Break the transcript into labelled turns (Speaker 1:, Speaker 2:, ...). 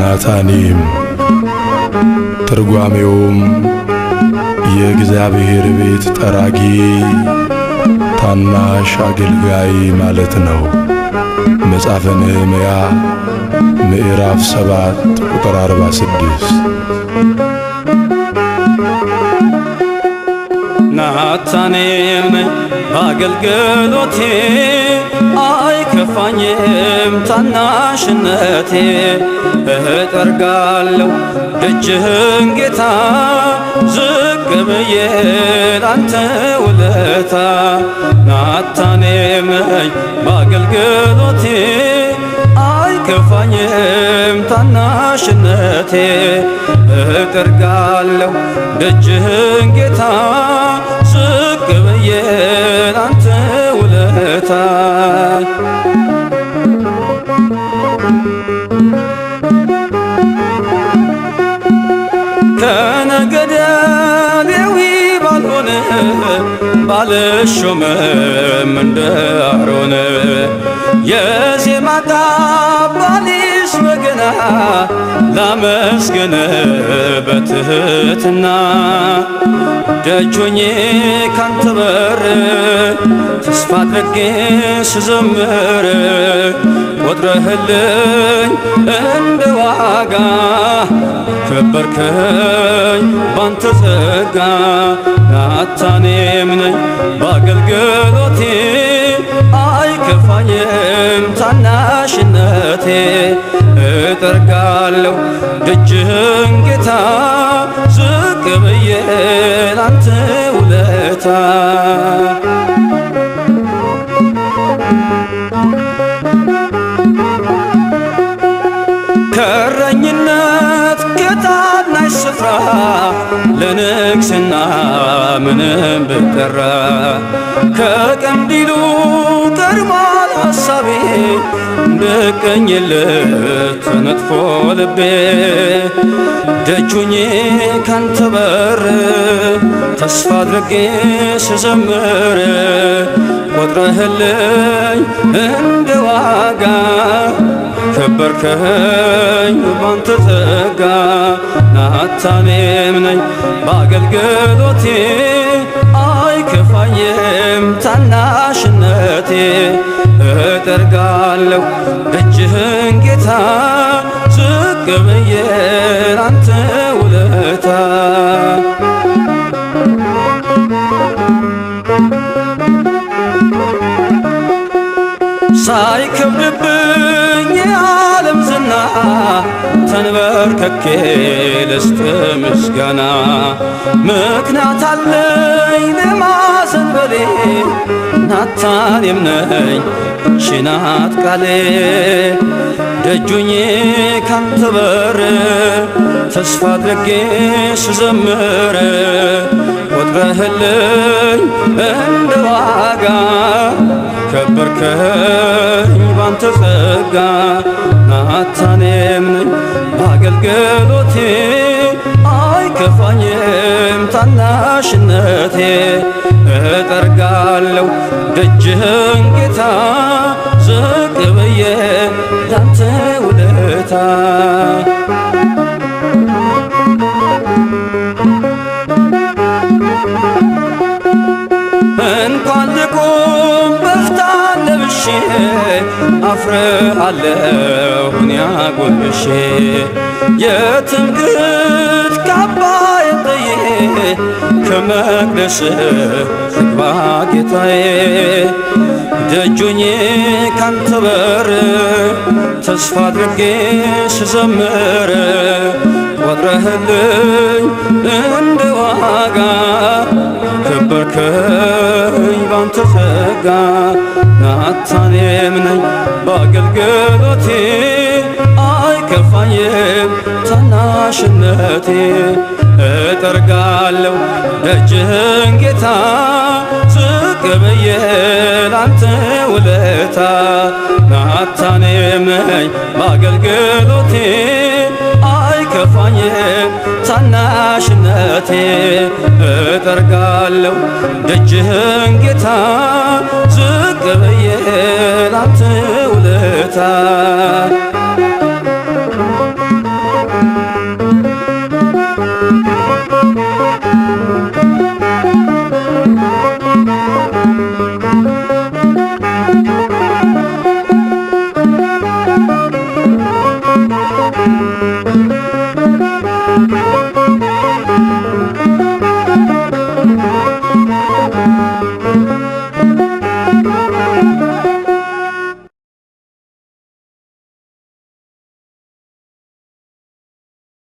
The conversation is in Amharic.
Speaker 1: ናታኒም ትርጓሜውም የእግዚአብሔር ቤት ጠራጊ ታናሽ አገልጋይ ማለት ነው። መጽሐፈ ነህምያ ምዕራፍ 7 ቁጥር ስድስት
Speaker 2: ሀብታኔም በአገልግሎቴ አይከፋኝም ታናሽነቴ። እጠርጋለሁ ደጅህን ጌታ ዝቅ ብዬ ላንተ ውለታ ናታኔም በአገልግሎቴ አይከፋኝም ታናሽነቴ እጠርጋለሁ ደጅህን ጌታ ለየን ውለታ ከነገደ ሌዊ ባልሆነ ባልሾመም እንደ አሮን የዜማ ላመስገነ በትህትና ደጆኜ ካንተ በር ተስፋ አድርጌ ስዘምር ቆጥረህልኝ እንደ ዋጋ ከበርከኝ ባንተ ጸጋ ናታኔም ነኝ በአገልግሎ አይከፋኝም ታናሽነቴ እጠርጋለሁ ደጅህን ጌታ ዝቅ ብዬ ላንተ ውለታ ከእረኝነት ከታናሽ ስፍራ ለንግስና ምንም ብጠራ ከቀንዲሉ ቀድሞ እንድቀኝለት ተነጥፎ ልቤ ደጁኜ ካንተ በር ተስፋ አድርጌ ስዘምር ቆጥረህልኝ እንደ ዋጋ ከበርከኝ ባንተ ጸጋ ናታኔም ነኝ በአገልግሎቴ አይከፋየም ታናሽነቴ አደርጋለሁ እጅህን ጌታ ዝቅ ብዬ ላንተ ውለታ ሳይከብድብኝ የዓለም ዝና ተንበርከኬ ልስጥ ምስጋና ምክንያት አለኝ ለማ ሰንበሌ ናታኔም ነኝ ሽናት ቃሌ ደጁኜ ካንተ በር ተስፋ አድርጌ ስዘምር ቆጥረህልኝ እንደ ዋጋ ከበርከኝ ባንተ ጸጋ ናታኔም ነኝ አገልግሎቴ አይከፋኝም ታናሽነቴ እጠርጋለሁ ደጅህን ጌታ ዝቅ ብዬ ላንተ ውለታ እንኳን ልቁም በፍታ ለብሼ አፍር አለሁ እኔ አጎንብሼ የትም ግን ከመቅደስ ግባ ጌታዬ ደጁኜ ካንተ በር ተስፋ አድርጌ ስዘምር ቆጥረህልኝ እንደ ዋጋ ከበርከኝ ባንተ ጸጋ ናታኔም ነኝ በአገልግሎቴ አይከፋኝም ታናሽነቴ እጠርጋለሁ ደጅህን ጌታ ዝቅ ብዬ ላንተ ውለታ ናታኔ በአገልግሎቴ አይከፋኝ ታናሽነቴ እጠርጋለሁ ደጅህን ጌታ ዝቅ ብዬ ላንተ ውለታ